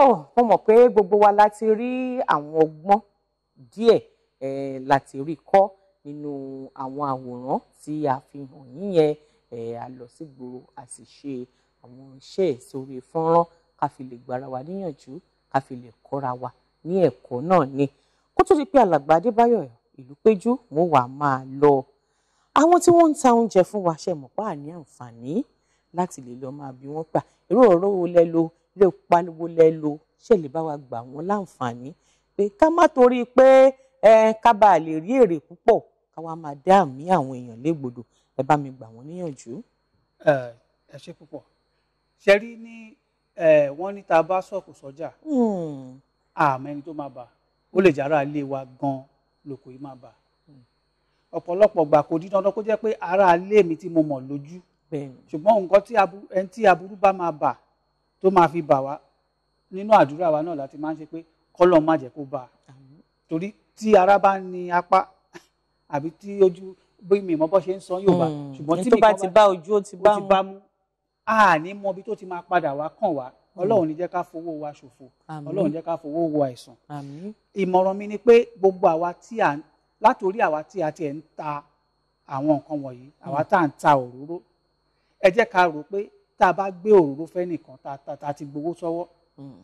mo mọ̀ pé gbogbo wa láti rí àwọn ọgbọ́n díẹ̀ láti rí kọ́ nínú àwọn àwòrán tí a fi hàn yíyẹn a lọ sígboro a sì ṣe àwọn iṣẹ́ sórí fọ́nrán ká fi lè gbára wa níyànjú ká fi lè kọ́ra wa ní ẹ̀kọ́ náà ni kó tó di pé alàgbà Adébáyọ̀ Ìlúpéjú mo wà máa lọ àwọn tí wọ́n ń ta oúnjẹ fún wa ṣe mọ̀ pé a ní àǹfààní láti lè lọ máa bi wọ́n pa irú ọ̀rọ̀ wo lẹ lo lè pariwo lẹ lo ṣe lè bá wa gbà wọ́n láǹfààní pé ká má torí pé ká bá a lè rí èrè púpọ̀ ká wá máa dá àmì àwọn èèyàn légbodò ẹ bá mi gbà wọ́n níyànjú. ẹ ṣe púpọ̀ ṣe rí ní wọ́n ní tá bá sọ̀kò sọ́jà hmm. àmọ́ ẹni tó máa bà ó lè jára ilé wa gan-an lóko yìí máa bà hmm. ọ̀pọ̀lọpọ̀ gbà kò di dandan kó jẹ́ pé ara ilé mi tí mo mọ̀ lójú ṣùgbọ́n nǹkan tí aburú bá máa bà tó máa fi bà wá nínú àdúrà wa náà láti máa ń ṣe pé kọ́lọ̀ má jẹ́ kó bá a torí tí ara bá ní apá àbí tí ojú bí mi mọ́ bọ́ ṣe ń sọ yóò bá hmm. ṣùgbọ́n tí mi bá ti bá ojú ó ti bá mú a ní mọ ibi tó ti máa padà wá kàn wá hmm. ọlọ́run ní jẹ́ ká fowó wa ṣòfò ọlọ́run jẹ́ ká fowó wa àìsàn ìmọ̀ràn mi ni pé gbogbo àwa tí à látòrí àwa tí a tiẹ̀ ń ta àwọn nǹkan wọ̀nyí àwa hmm. tá à ń ta òróró ẹ jẹ́ ká rò pé tá a bá gbé òróró fẹ́ nìkan tá a ti gbowó sọ́wọ́ hmm.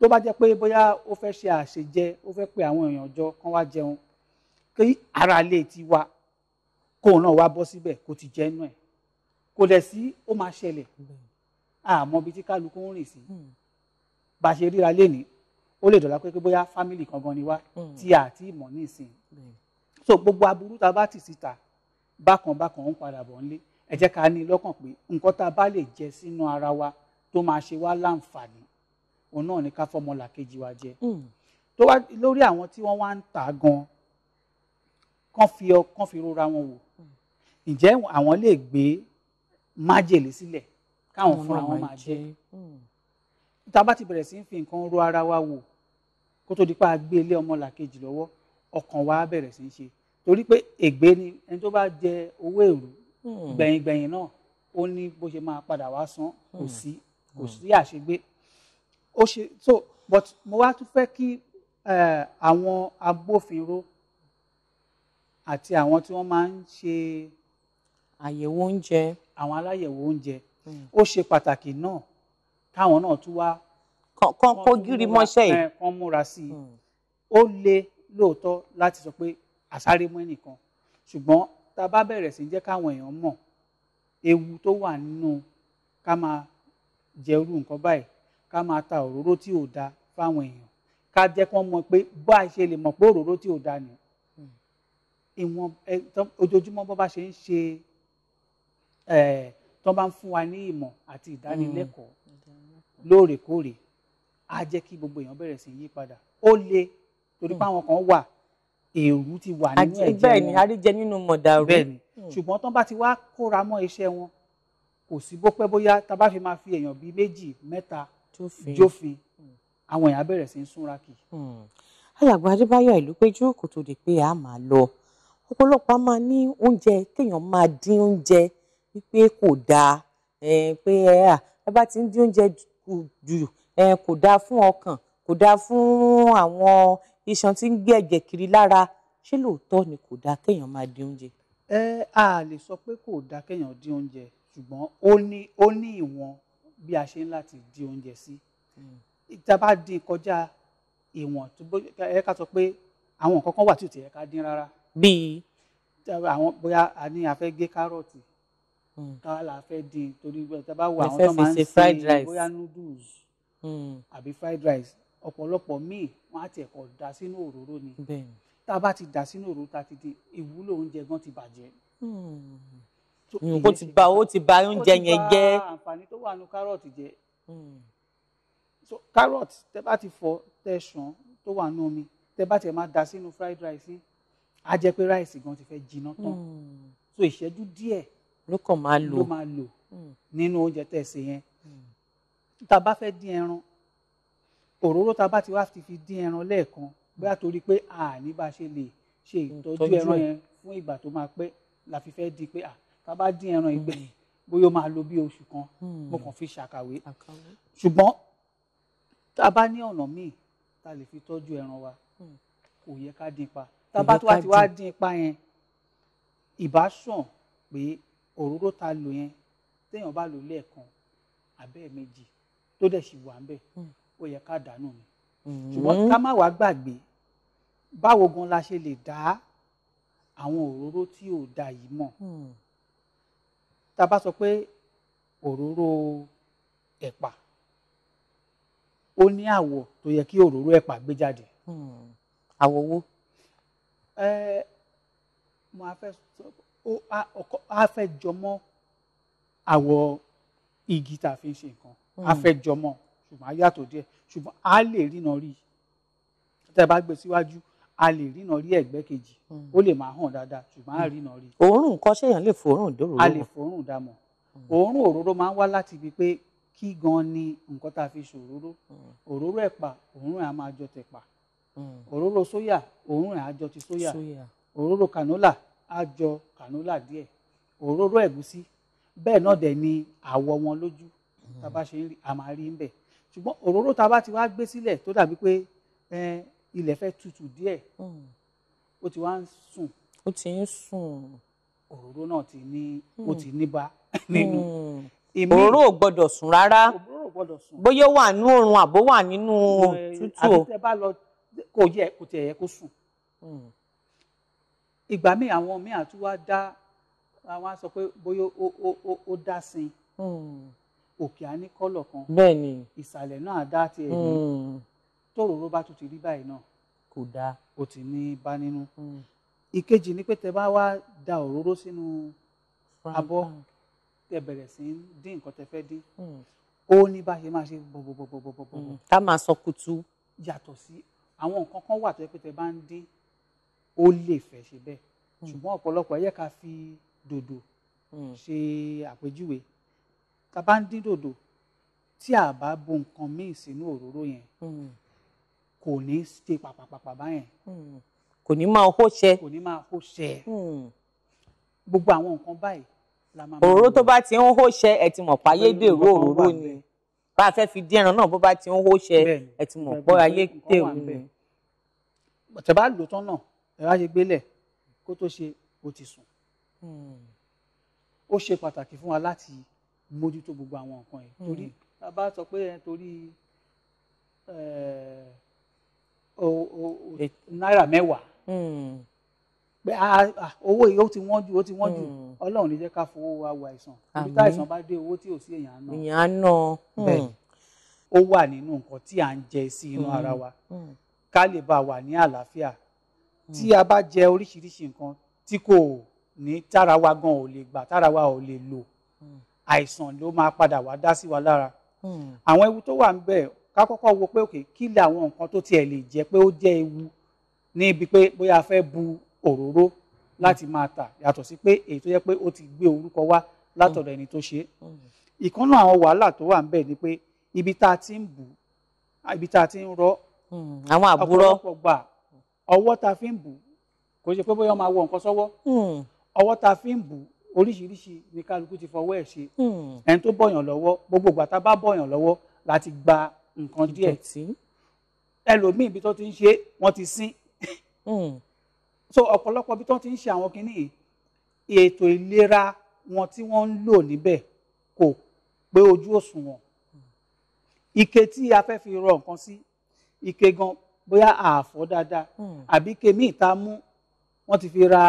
tó bá jẹ́ pé bóyá ó fẹ́ ṣe àṣejẹ ó fẹ́ pe àwọn èèyàn jọ kán wá jẹun kí ara lè ti wá kóun náà wá bọ́ síbẹ̀ kó ti jẹ́ inú ẹ̀ kò dẹ̀ sí ó máa ṣẹlẹ̀ àmọ́ ibi tí kálukú ń rìn sí hmm. bá a ṣe ríra lénìí ó lè dọ̀la pé bóyá fámìlì kankan ni wá hmm. tí a ti mọ̀ ní ìsìn so gbogbo aburú tá a bá tì síta bákan bákan ń padà bọ̀ ńlé ẹ jẹ́ ká ní lọ́kàn pé nǹkan tá a bá lè jẹ sínú ara wa tó máa ṣe wá láǹfààní òun náà ni ká fọmọlà kejì wa jẹ hmm. tó wá lórí àwọn tí wọ́n wá ń tà gan kán fi ọ kán fi rora wọn wò hmm. ǹjẹ́ àwọn lè gbé májèlé sílẹ̀ káwọn fúnra wọn máa jẹ hmm. tá a bá ti bẹ̀rẹ̀ sí ń fi nǹkan ro ara wa wò kó tó di pa gbé ilé ọmọlàkejì lọ́wọ́ ọkàn wa bẹ̀rẹ̀ sí ń ṣe torí pé ègbé ni ẹni tó bá jẹ owó èrú gbẹ̀yìngbẹ̀yìn hmm. náà ó ní bó ṣe máa padà wá san kò hmm. sí kò hmm. sí àṣegbé ó ṣe so but mo wá tún fẹ́ kí àwọn agbófinró àti àwọn tí wọ́n máa ń ṣe àyẹ̀wò oúnjẹ àwọn aláyẹ̀wò oúnjẹ ó ṣe pàtàkì náà káwọn náà tún wá kan kó gírí mọ́ṣẹ́ yìí kan múra sí i ó le lóòótọ́ láti sọ pé àsáré mọ́ ẹnìkan ṣùgbọ́n tá a bá bẹ̀rẹ̀ sí jẹ́ káwọn èèyàn mọ̀ ewu tó wà nínú ká máa jẹ irú nǹkan báyìí ká máa ta òróró tí ò da fáwọn èèyàn ká jẹ́ kán mọ̀ pé bá a ṣe lè mọ̀ pé òróró tí ò da ni hmm. ìwọ̀n ojoojúmọ́ bó bá ṣe ń ṣe tó bá ń fún wa ní ìmọ̀ àti ìdánilẹ́kọ̀ọ́ hmm. lóòrèkóòrè á jẹ́ kí gbogbo èèyàn bẹ̀rẹ̀ sí yí padà ó le torí hmm. pé àwọn kan wà èrú ti wà nínú ẹ̀jẹ̀ wọn bẹ́ẹ̀ ni àríjẹ nínú mọ̀dàrú bẹ́ẹ̀ ni hmm. ṣùgbọ́n tán bá ti wá kóra mọ́ iṣẹ́ wọn kò sí bó pẹ́ bóyá tá a bá fi máa fi èèyàn bíi méjì mẹ́ta jófin hmm. àwọn èèyàn bẹ̀rẹ̀ sí í súnra kì. Hmm. alàgbà adébáyọ̀ àìlúpéjú kò tó di pé a máa lọ ọ̀pọ̀lọpọ̀ a máa ní oúnjẹ kéèyàn máa dín oúnjẹ wípé kò dáa pé ẹ bá ti ń dín oúnjẹ jù kò dáa fún ọkàn kò dáa fún àwọn iṣan tí ń gbé ẹ̀jẹ̀ kiri lára ṣé lóòótọ́ ni kò dáa kéèyàn máa dín oúnjẹ. ẹ a lè sọ pé kò dáa kéèyàn dín oúnjẹ ṣùgbọ́n ó ní ó ní ìwọ̀n bí a ṣe ń láti dín oúnjẹ sí hmm. tá a bá dín kọjá ìwọ̀n tó bó ẹ ká sọ pé àwọn nǹkan kan wà tí ò ti yẹ ká dín rárá. bíi. àwọn bóyá a ní a fẹ́ gé kárọ̀tì hmm. ká la fẹ́ dín torí tá a bá wo àwọn tó máa ń ṣe bóyá noodles hmm. àbí fried rice ọ̀pọ̀lọpọ̀ míì wọ́n á tiẹ̀ kọ̀ dà sínú òróró ni tá a bá ti dà sínú òróró ta ti di ìwúlò oúnjẹ gan ti bàjẹ́. Hmm. ó ti bà o ti bà oúnjẹ yẹn jẹ́. ó ti bà àǹfààní tó wà nù kárọ̀tì jẹ́ so carrot tẹ bá ti fọ tẹ tó wà nù omi tẹ bá tiẹ̀ máa da sínú fried rice á jẹ́ pé ráìsì gan ti fẹ́ jiná tán hmm. so ìṣẹ́jú díẹ̀ ló kàn máa lò hmm. nínú oúnjẹ tẹ̀ yẹn tá a bá fẹ́ dín ẹran òróró tá a bá ti wá ti fi dín ẹran lẹ́ẹ̀kan bóyá torí pé àní bá ṣe lè ṣe ìtọ́jú ẹran yẹn fún ìgbà tó máa pẹ́ la fi fẹ́ di pé à tá bá dín ẹran ìgbẹ́ bóyá ó máa lo bí oṣù kan hmm. mo kàn fi ṣàkàwé ṣùgbọ́n tá bá ní ọ̀nà míì tá lè fi tọ́jú ẹran wa hmm. kò yẹ ká dín pa tá a bá tó wá ti wá dín pa yẹn ìbá sàn pé òróró tá lò yẹn téèyàn bá lò lẹ́ẹ̀kan abẹ́ẹ̀ méjì tó dẹ̀ sì wà ń bẹ̀ hmm ó yẹ ká dànù ni mm-hmm. ṣùgbọ́n ká má wàá gbàgbé báwo gan la ṣe lè dá àwọn òróró tí ò da yìí mọ̀ hmm. tá a bá sọ pé òróró ẹ̀pà ó ní àwọ̀ tó yẹ kí òróró ẹ̀pà gbé jáde. Hmm. àwọ̀ wo. ẹ fẹ́ jọmọ́ àwọ̀ igi tá a fi ń ṣe nǹkan á hmm. fẹ́ jọmọ́ ṣùgbọ́n á yàtọ̀ díẹ̀ ṣùgbọ́n á lè ríran rí tẹ́ ẹ bá gbé síwájú a lè ríran rí ẹ̀gbẹ́ kejì hmm. ó lè máa hàn dáadáa ṣùgbọ́n á hmm. ríran rí. òórùn nǹkan ṣèyàn lè fòórùn dòrò. a lè fòórùn dàmọ̀ hmm. òórùn òróró máa ń wá láti ibi pé kí gan ni nǹkan tá a fi ṣòróró òróró ẹ̀pà òórùn ẹ̀ á máa jọ tẹ̀pà òróró sóyà òórùn ẹ̀ á jọ ti sóyà òróró kànólà á jọ kànólà díẹ̀ òróró ẹ̀gúsí bẹ́ẹ̀ náà dẹ̀ ni àwọ̀ wọn lójú tá a bá ṣe ń rí a máa rí ń bẹ̀ ṣùgbọ́n òróró tá a bá ti wá gbé sílẹ̀ tó dàbí pé ilẹ̀ fẹ́ tutù díẹ̀ hmm. ó ti wá ń sùn. ó ti ń sùn. òróró náà ti ní ó hmm. ti níbà nínú. Hmm. òróró ò gbọ́dọ̀ sùn rárá òróró ò gbọ́dọ̀ sùn. bóyá wà nínú oorun àbó wà nínú tútù o. àbí tẹ bá lọ kò yẹ kò tẹ̀ yẹ kó sùn. ìgbà míì àwọn míì àtúwá dá àwọn á sọ pé bóyá ó dá sin òkè á ní kọ́lọ̀ kan bẹ́ẹ̀ni ìsàlẹ̀ náà dá tiẹ̀ ní hmm. tòróró bá tún ti rí báyìí náà kò dáa ó ti ní bá nínú hmm. ìkejì ni pé tẹ bá wá da òróró sínú abọ́ tẹ bẹ̀rẹ̀ sí dín nǹkan tẹ fẹ́ dín hmm. ó ní bá ṣe máa ṣe bọ̀bọ̀bọ̀bọ̀bọ̀bọ̀. ká máa sọ kutu. yàtọ̀ sí àwọn nǹkan kan wà tó yẹ pé tẹ bá ń dín ó lè fẹ́ ṣe bẹ́ẹ̀ ṣùgbọ́n ọ̀pọ̀lọpọ̀ ẹ ká fi dòdò ṣe àpèjúwe tá a bá ń dín dòdò tí a bá bo nǹkan míì sínú òróró yẹn hmm. kò ní ṣe pàpàpàpà báyẹn. Hmm. kò ní máa hó ṣe. kò ní máa hó ṣe. Hmm. gbogbo àwọn nǹkan báyìí la máa. òróró tó bá ti ń hó ṣe ẹ ti mọ̀ páyédèrú òróró ni bá a fẹ́ fi dín ẹran náà bó bá ti ń hó ṣe ẹ ti mọ̀ pọ́ ayédèrú ni. tẹ́ bá lò tán náà ẹ wá ṣe gbélẹ̀ kó tó ṣe ó ti sùn. ó ṣe pàtàkì fún wa láti mójútó gbogbo àwọn nǹkan yìí torí hmm. a bá sọ pé torí eh, náírà mẹ́wàá hmm. pé owó yìí ó ti wọ́n jù ó ti wọ́n jù hmm. ọlọ́run ní jẹ́ ká fowó wa wo àìsàn ibi tá àìsàn bá dé owó tí ò sí èèyàn náà èèyàn náà ó wà nínú nǹkan tí à ń jẹ sí inú ara wa ká lè bá wà ní àlàáfíà tí a bá jẹ oríṣiríṣi nǹkan tí kò ní tára wa gan ò lè gbà tára wa ò lè lò àìsàn ló máa padà wá dá sí wa lára hmm. àwọn ewu tó wà ń bẹ̀ ká kọ́kọ́ wo pé òkè kí lè àwọn nǹkan tó tiẹ̀ lè jẹ́ pé ó jẹ́ ewu ní ibi pé bóyá a fẹ́ bu òróró láti hmm. máa tà yàtọ̀ sí pé èyí tó jẹ́ pé ó ti gbé orúkọ wá látọ̀dọ̀ hmm. ẹni tó ṣe é ìkan àwọn wàhálà tó wà ń bẹ̀ ni pé ibi tá a ti ń bù ibi tá a ti ń rọ àwọn àbúrò ọ̀pọ̀lọpọ̀ gbà ọwọ́ tá a fi ń bù kò ṣe pé bóyá ó máa nǹkan sọ́wọ́ ọwọ́ tá a fi ń bù oríṣiríṣi ni kálukú ti fọwọ́ ẹ̀ ṣe hmm. ẹni tó bọ̀yàn lọ́wọ́ gbogbo ìgbà tá a bá bọ̀yàn lọ́wọ́ láti gba nǹkan díẹ̀ ẹlòmíì ibi tó ti ń ṣe wọ́n ti sín hmm. so ọ̀pọ̀lọpọ̀ ibi tó ti ń ṣe àwọn kinní yìí ètò ìlera wọn tí wọ́n ń lò níbẹ̀ kò pé ojú òṣùwọ̀n ike tí a fẹ́ fi rọ nǹkan sí ike gan bóyá àfọ́ dáadáa hmm. àbí ike míì tá a mú wọ́n ti fi ra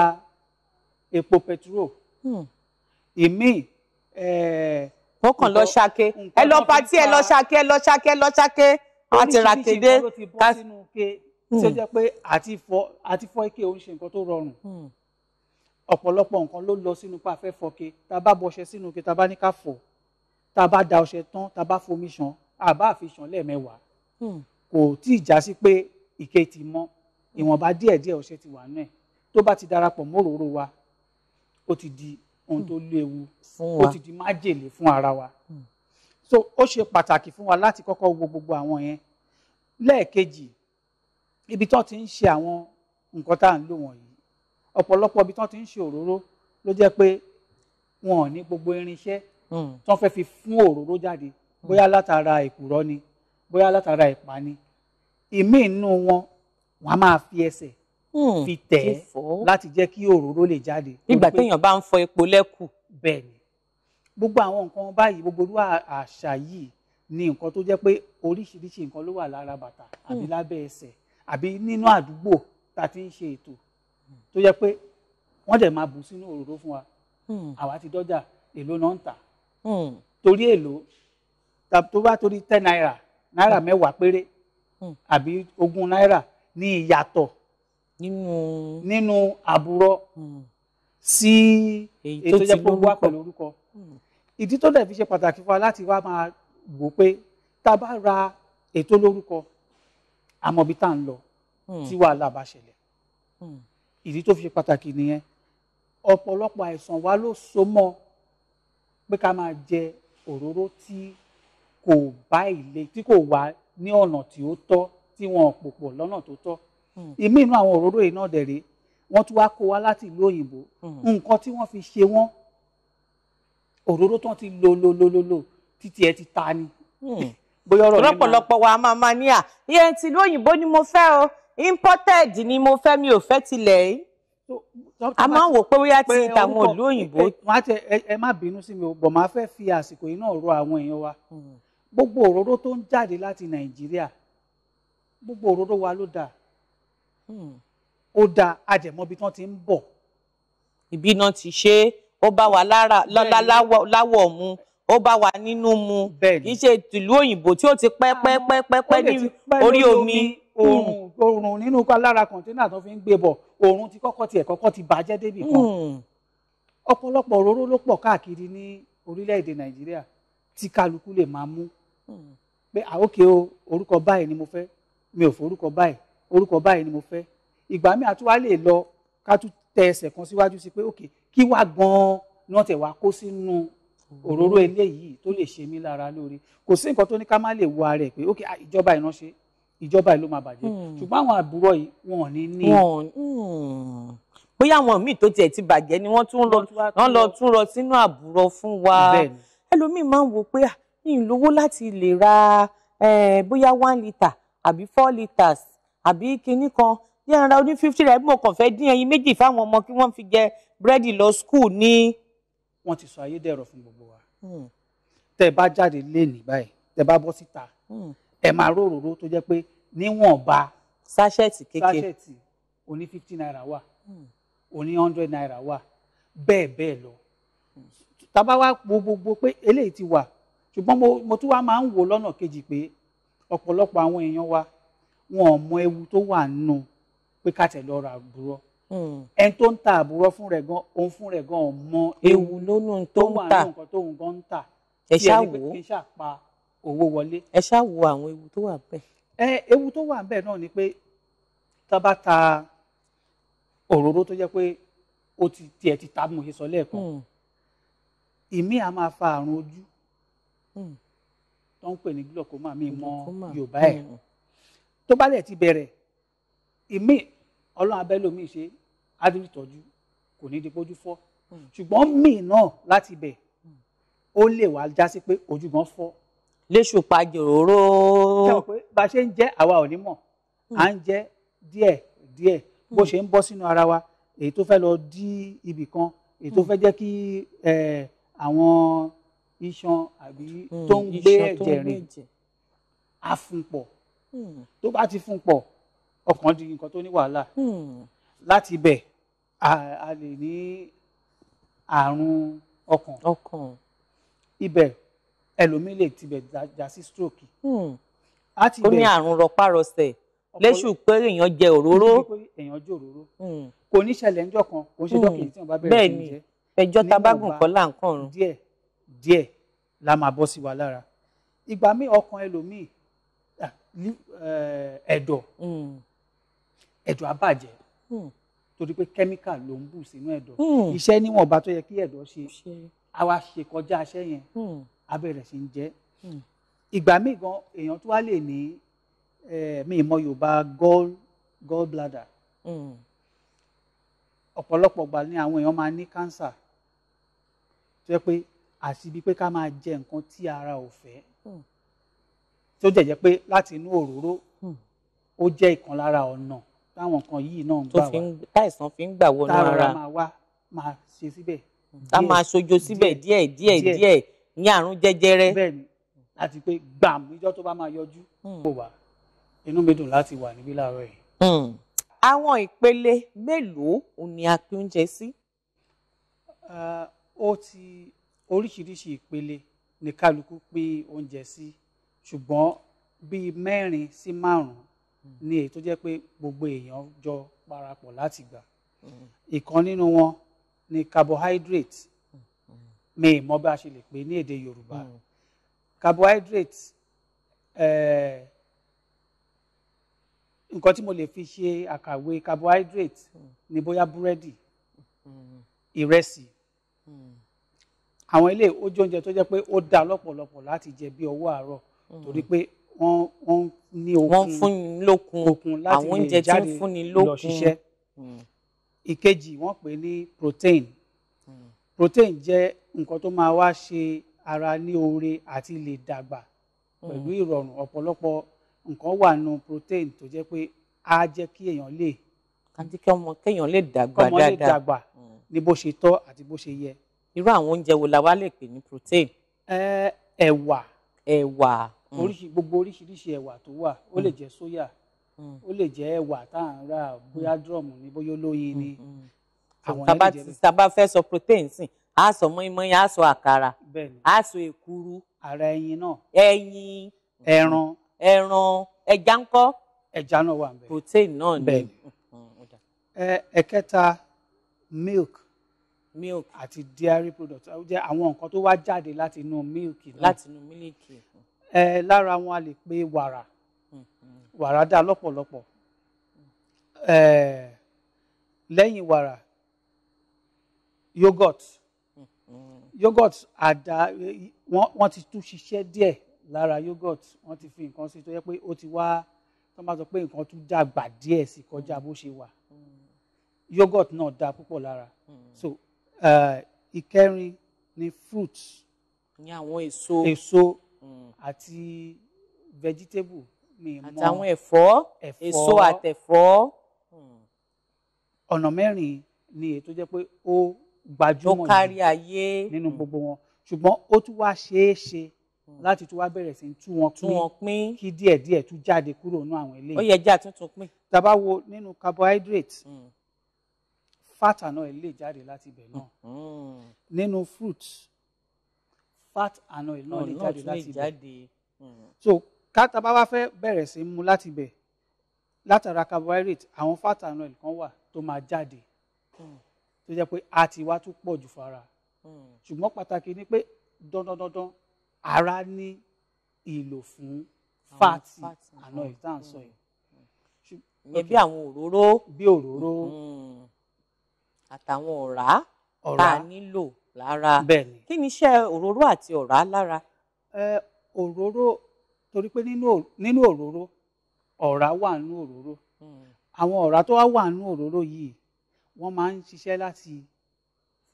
epo pẹtiró Hmm. èmi eh, ó kàn lọ ṣake ẹ lọ patí ẹ lọ ṣake ẹ lọ ṣake ẹ lọ ṣake wọn ti ra kéde ká hmm. tó jẹ́ pé àti fọ́ ike òun ṣe nǹkan tó rọrùn hmm. ọ̀pọ̀lọpọ̀ nǹkan ló lọ sínú pa afẹ́ fọ́ke tá a bá bọṣẹ sínú ke tá a bá ní ká fọ̀ tá a bá da ọṣẹ tán tá a bá fomi ṣan àbá àfihàn lẹ́ẹ̀mẹ́wàá kò tí ì já sí pé ike ti mọ́ ìwọ̀nba díẹ̀díẹ̀ ọṣẹ ti wà náà tó bá ti darapọ̀ móròró wa ó ti di ohun tó hmm. léwu ó ti di májèlé fún ara wa hmm. so ó ṣe pàtàkì fún wa láti kọ́kọ́ wo gbogbo àwọn yẹn lẹ́ẹ̀kejì ibi tán ti ń ṣe àwọn nǹkan tá à ń lò wọ̀nyí ọ̀pọ̀lọpọ̀ ibi tán ti ń ṣe òróró ló jẹ́ pé wọn ò ní gbogbo irinṣẹ́ hmm. tán fẹ́ fi fún òróró jáde bóyá látara èkùrọ́ ni bóyá látara ìpa ni ìmíì nínú wọn wọn a máa fi ẹsẹ̀ Hmm, fi tẹ̀ ẹ́ láti jẹ́ kí òróró lè jáde. ìgbà téèyàn bá ń fọ epo lẹ́kù. bẹ́ẹ̀ni gbogbo àwọn nǹkan báyìí gbogbo irú àṣà yìí ni nǹkan tó jẹ́ pé oríṣiríṣi nǹkan ló wà lára bàtà àbí hmm. lábẹ́ ẹsẹ̀ àbí nínú àdúgbò tá a ti ń ṣe ètò hmm. tó jẹ́ pé wọ́n dẹ̀ máa bù sínú òróró fún wa àwa ti dọ́jà èlò náà ń tà torí èlò tó bá torí ten naira náírà mẹ́wàá péré àbí ogún náírà ní ìyàtọ̀ nínú àbúrò hmm. sí èyí tó jẹ́ pé ó wá pẹ̀lú orúkọ hmm. ìdí tó dẹ̀ fi ṣe pàtàkì fún wa láti wá máa wò pé tá a bá ra ètò lórúkọ àmọ́bí tá à ń lọ hmm. tí wàhálà bá ṣẹlẹ̀ ìdí tó fi ṣe pàtàkì nìyẹn ọ̀pọ̀lọpọ̀ àìsàn wa ló so mọ́ pé ká máa jẹ òróró tí kò bá ilé tí kò wà ní ọ̀nà tí ó tọ́ tí wọn ò pòpọ̀ lọ́nà tó tọ́ Hmm. ìmí inú àwọn òróró yìí náà dẹ̀rẹ̀ wọ́n tún wá kó wá láti ìlú òyìnbó hmm. nǹkan tí wọ́n fi ṣe wọ́n òróró tán ti lo lo lo lo lo títí ẹ ti ta ni. Hmm. bóyá ọ̀rọ̀ nínú lọ́pọ̀lọpọ̀ wa máa ma ní à iye tí lóyìnbó ni mo fẹ́ o imported ni mo fẹ́ mi ò fẹ́ tilẹ̀ yìí a máa ń wò pé bóyá ti tàwọn òlú òyìnbó. ẹ má bínú sí mi o bọ̀ máa fẹ́ fi àsìkò yìí náà rọ àwọn èèyàn wa gbogbo òróró tó ń jáde láti nàìjíríà gbogbo òróró wa ló dáa Hmm. ó da àjẹmọ́bi tán ti ń bọ̀. ìbí náà ti ṣe é ó bá wa láwọ̀ mu ó bá wa nínú mu kì í ṣe tìlú òyìnbó tí ó ti pẹ́ pẹ́ pẹ́ pẹ́ pẹ́ ní orí omi oòrùn hmm. oòrùn nínú lára kọ̀ńténà tó fi ń gbé bọ̀ oòrùn ti kọ́kọ́ tiẹ̀ kọ́kọ́ ti bàjẹ́ débì kan hmm. ọ̀pọ̀lọpọ̀ òróró ló pọ̀ káàkiri ní orílẹ̀-èdè nàìjíríà tí kálukú lè máa mú pé àókè o orúkọ báyìí ni mo fẹ́ mi ò forúkọ báyìí orúkọ báyìí ni mo fẹ́ ìgbà míì àtúwá lè lọ ká tún tẹ ẹsẹ̀ kan síwájú sí pé òkè kí wá gan-an náà tẹ̀ wá kó sínú òróró eléyìí tó lè ṣe mí lára lórí kò sí nǹkan tó ní ká má lè wo ara ẹ̀ pé òkè ìjọba ìránṣẹ́ ìjọba ìlú máa bàjẹ́ hmm. ṣùgbọ́n àwọn àbúrò yìí wọn ò ní ní. Hmm. bóyá àwọn míì tó tiẹ̀ ti bàjẹ́ ni wọ́n tún lọ tún rọ sínú àbúrò fún wa ẹlòmíì máa ń wo pé à ní ìlówó láti lè ra eh, bóyá one litre àbí four litres àbí kinní kan ní ara oní fifty rẹ̀ mo kàn fẹ́ dín ẹyin méjì fáwọn ọmọ kí wọ́n fi jẹ búrẹ́dì lọ skul ní. wọ́n ti sọ ayédèrú fún gbogbo wa hmm. tẹ́ bá jáde léènì báyìí tẹ́ bá bọ́ síta hmm. ẹ máa róròró tó jẹ́ pé níwọ̀nba sáṣẹ́ẹ̀tì kékeré sáṣẹ́ẹ̀tì oní fifty naira wà hmm. oní hundred naira wà bẹ́ẹ̀ bẹ́ẹ̀ lọ tàbá wá gbogbogbò pé eléyìí ti wà ṣùgbọ́n mo tún wá máa ń wò lọ́nà kejì pé ọ̀pọ̀lọpọ̀ àwọn èèyàn wa wọn ò mọ ewu tó wà nù pé ká tẹ̀ lọ ra àbúrọ̀ hmm. ẹni tó ń ta àbúrọ̀ fún rẹ̀ gan òun fún rẹ̀ gan ò mọ ewu lónú tó ń ta tó wà nù nǹkan tóun gan ń tà ẹ ṣáà wò ó owó wọlé. ẹ ṣáà àwọn ewu tó wà bẹ́ẹ̀. ẹ ewu tó wà bẹ́ẹ̀ náà ni pé tá bá ta òróró tó jẹ́ pé ó ti tiẹ̀ ti ta mo ṣe sọ lẹ́ẹ̀kan hmm. ìmí a máa fa àrùn ojú hmm. tó ń pè ní glaucoma mi mọ Yorùbá ẹ̀ tó bá lẹ̀ ti bẹ̀rẹ̀ ìmí ọlọ́run abẹ́lómi ṣe adúlítọ́jú kò ní di pójú fọ́ hmm. ṣùgbọ́n míì náà láti bẹ̀ hmm. ó lè wá já sí pé ojú gan fọ́. léṣù pa jòróró. jẹ́ pé bá a ṣe ń jẹ́ àwa ò ní mọ̀ à hmm. ń jẹ́ díẹ̀ díẹ̀ bó ṣe ń bọ́ sínú ara wa èyí tó fẹ́ lọ dí ibì kan èyí tó fẹ́ jẹ́ kí àwọn iṣan àbí tó ń gbé ẹ̀jẹ̀ rìn àfúnpọ̀ Hmm. tó bá ti fún pọ̀ ọkàn di nǹkan tó ní wàhálà hmm. láti bẹ̀ a lè ní àrùn ọkàn ọkàn ẹlòmíì lè tibẹ̀ já sí stroke láti hmm. bẹ̀ ó ní àrùn rọpárọsẹ̀ léṣù pé èèyàn jẹ òróró èèyàn jẹ òróró kò ní ṣẹlẹ̀ ńjọ́ kan kò ń ṣe jọ́ tí wọ́n bá bẹ̀rẹ̀ sí jẹ́ ẹjọ́ tabagùn kan là ń kàn rún la máa bọ́ sí wa lára ìgbà míì ọkàn ẹlòmíì Eh, ẹ̀dọ̀ hmm. ẹ̀dọ̀ á bàjẹ́ hmm. torí pé kẹ́míkà ló ń bù sínú ẹ̀dọ̀ hmm. iṣẹ́ níwọ̀nba tó yẹ kí ẹ̀dọ̀ ṣe a wá ṣe kọjá iṣẹ́ yẹn a bẹ̀rẹ̀ sí ń jẹ́ ìgbà míì gan èèyàn tó wá lè ní eh, mi ìmọ̀ Yorùbá gall gall bladder ọ̀pọ̀lọpọ̀ gbà ni àwọn èèyàn máa ní cancer tó yẹ pé àti bíi pé ká máa jẹ nǹkan tí ara ò fẹ́ tó jẹ́ jẹ́ pé láti inú òróró hmm. ó jẹ́ ìkan lára ọ̀nà táwọn kan yìí náà ń gbà wá táìsàn fi ń gbà wọnú ara tára máa wá máa ṣe síbẹ̀. a máa ṣojo síbẹ̀ díẹ̀ díẹ̀ díẹ̀ ní àrùn jẹjẹrẹ. bẹ́ẹ̀ni àti pé gbàm níjọ́ tó bá máa yọjú hmm. kò wá inú mi dùn láti wà níbí láàárọ̀ yìí. Hmm. àwọn ìpele mélòó ni a pín oúnjẹ sí. ó ti oríṣiríṣi ìpele ni kálukú pín oúnjẹ sí. Si ṣùgbọ́n bíi mẹ́rin sí márùn-ún ni èyí tó jẹ́ pé gbogbo èèyàn jọ parapọ̀ láti gbà ìkan nínú wọn ni carbohydrate mi ì mọ bá a ṣe lè pè ní èdè Yorùbá hmm. carbohydrate nǹkan tí mo lè fi ṣe àkàwé carbohydrate ni bóyá búrẹ́dì hmm. ìrẹsì hmm. àwọn ilé ojú oúnjẹ tó jẹ́ pé ó dá lọ́pọ̀lọpọ̀ láti jẹ bí ọwọ́ àárọ̀ Mm. torí pé wọ́n wọ́n ní okun wọ́n fún ni lókun okun láti lè jáde lọ ṣiṣẹ́ mm. ìkejì wọ́n pè ní protein mm. protein jẹ́ nǹkan tó máa wá ṣe ara ní oore àti lè dàgbà pẹ̀lú mm. ìrọ̀rùn ọ̀pọ̀lọpọ̀ nǹkan wà nù protein tó jẹ́ pé á jẹ́ kí èèyàn lè àti kí ọmọ kéèyàn lè dàgbà dáadáa ọmọ lè dàgbà ní bó ṣe tọ́ àti bó ṣe yẹ. irú àwọn oúnjẹ wo la wá lè pè ní protein. ẹ̀wà. ẹ̀wà. Mm. oríṣi gbogbo oríṣiríṣi ẹ̀wà tó wà ó lè mm. jẹ́ sóyà mm. ó lè jẹ́ ẹ̀wà tá à ń rà bóyá drum ni bóyá olóyin ni. tàbá fẹ́ sọ protein sìn á sọ mọ́ínmọ́ín á sọ àkàrà á sọ èkuru. ara ẹyin náà. ẹyin. ẹran. ẹran ẹja ń ẹja náà wà nbẹ. protein náà ni. bẹ́ẹ̀ni ẹ̀kẹta milk milk àti dairy products ó jẹ́ àwọn nǹkan tó wá jáde láti inú milk náà láti inú mílíkì ẹ lára wọn a lè pe wàrà mm-hmm. wàrà dá lọ́pọ̀lọpọ̀ ẹ lẹ́yìn wàrà yogurt mm-hmm. yogurt àdá wọ́n ti tún ṣiṣẹ́ díẹ̀ lára yogurt wọ́n ti fi nǹkan sí tó yẹ pé ó ti wá tó máa sọ pé nǹkan tún dàgbà díẹ̀ sí kọjá bó ṣe wà mm-hmm. yogurt náà dáa púpọ̀ lára so ìkẹrin ni fruit ni àwọn èso èso àti vegetable mi mọ àtàwọn ẹ̀fọ́ èso àtẹ̀fọ́ hmm. ọ̀nà mẹ́rin ni èyí tó jẹ́ pé ó gbajúmọ̀ nínú hmm. gbogbo wọn ṣùgbọ́n ó tún wá ṣeé ṣe hmm. láti tún wá bẹ̀rẹ̀ sí tú wọn pín kí díẹ̀díẹ̀ tún jáde kúrò nínú àwọn eléyìí. ó yẹ jẹ́ àtúntún pín. tá wo nínú carbohydrate fat àná ẹ̀ lè jáde láti ibẹ̀ náà nínú fruits fat and oil náà lè jáde láti ibẹ̀ hmm. so káta bá wá fẹ́ bẹ̀rẹ̀ sí mu láti ibẹ̀ látara carbohydrate àwọn fat and oil kan wà tó máa jáde hmm. tó jẹ́ pé a ti wá tún pọ̀ jù fara hmm. ṣùgbọ́n pàtàkì ni pé dandandandan ara ní ìlò fún fat and oil tá à ń sọ yìí ìyẹn bí àwọn òróró bí òróró àtàwọn ọ̀rá tá a nílò lára bẹ́ẹ̀ni kí ni iṣẹ́ òróró àti ọ̀rá lára. ẹ òróró torí pé nínú òróró ọ̀rá wà nínú òróró hmm. àwọn ọ̀rá tó wá wà nínú òróró yìí wọ́n máa ń ṣiṣẹ́ láti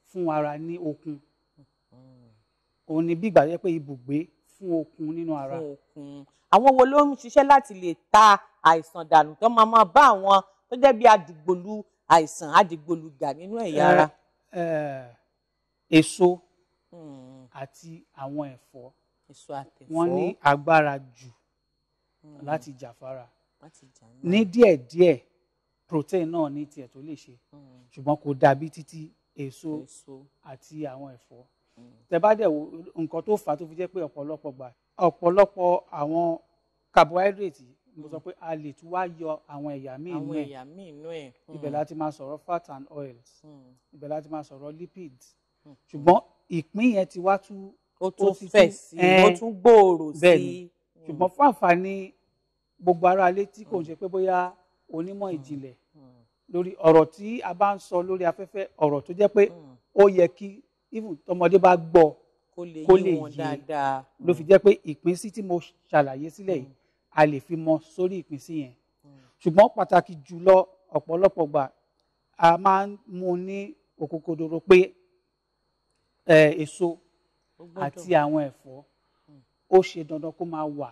fún ara ní okun hmm. òun ni bí ìgbà jẹ́ pé ibùgbé fún okun nínú ara. fún okun àwọn wo ló ń ṣiṣẹ́ láti lè ta àìsàn dànù tó máa máa bá àwọn tó jẹ́ bí adìgbòlu àìsàn adìgbòlùgà nínú ẹ̀yà ara. ẹ ẹ Hmm. èso àti àwọn ẹ̀fọ́ wọ́n ní agbára jù hmm. láti jàfara ní díẹ̀díẹ̀ protein náà ní tiẹ̀ tó lè ṣe hmm. ṣùgbọ́n kò dàbí títí èso àti àwọn ẹ̀fọ́ tẹ bá dẹ̀ wo nǹkan tó fà á tó fi jẹ́ pé ọ̀pọ̀lọpọ̀ gbà ọ̀pọ̀lọpọ̀ àwọn carbohydrate mo sọ pé a lè tún wá yọ àwọn ẹ̀yà míì nú ẹ̀ ibẹ̀ láti máa sọ̀rọ̀ fat and oils ibẹ̀ láti máa sọ̀rọ̀ lipids ṣùgbọ́n ìpín yẹn ti wá tún ó tún fẹ̀ sí ó tún gbòòrò sí bẹ́ẹ̀ni ṣùgbọ́n fún àǹfààní gbogbo ara alé tí kò ń mm. ṣe pé bóyá onímọ̀ mm. ìjìnlẹ̀ mm. lórí ọ̀rọ̀ tí a bá ń sọ lórí afẹ́fẹ́ ọ̀rọ̀ tó jẹ́ pé ó yẹ kí even tọmọdé bá gbọ́ kó lè yé wọn dáadáa ló fi jẹ́ pé ìpín sí tí mo ṣàlàyé sílẹ̀ yìí a lè fi mọ sórí ìpín sí yẹn ṣùgbọ́n pàtàkì jùlọ ọ̀pọ̀lọpọ̀ gbà a máa ń mú ní òkòkòdòrò pé èso àti àwọn ẹ̀fọ́ hmm. ó ṣe dandan kó máa wà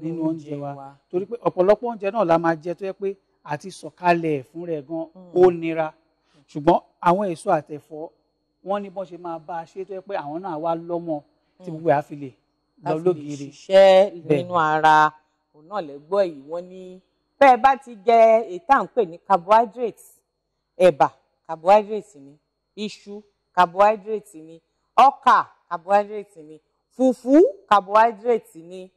nínú oúnjẹ wa torí pé ọ̀pọ̀lọpọ̀ oúnjẹ náà la máa jẹ tó yẹ pé àti sọ̀kalẹ̀ fún rẹ̀ gan hmm. ó nira ṣùgbọ́n àwọn èso àtẹ̀fọ́ wọ́n ní bọ́n ṣe máa bá a ṣe tó yẹ pé àwọn náà wá lọ́mọ tí hmm. gbogbo àá lè lọ lógiri. a ṣiṣẹ́ nínú ara òun náà lẹ́gbọ́ yìí wọ́n ní bẹ́ẹ̀ bá ti jẹ ètà ń pè ní carbohydrates ẹ̀bà carbohydrates ni iṣu carbohydrates ni ọkà carbohydrate ni fùfú carbohydrate ni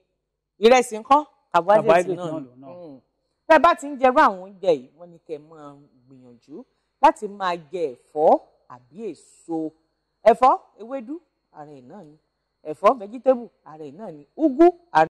ìrẹsì ńkọ́ carbohydrate náà ni hmm. tẹ́ bá ti ń jẹrú àwọn oúnjẹ yìí wọ́n ní kẹ́ máa gbìyànjú láti máa jẹ ẹ̀fọ́ àbí èso ẹ̀fọ́ ewédú ara ẹ̀ náà ni ẹ̀fọ́ vegetable ara ẹ̀ náà ni ugu ara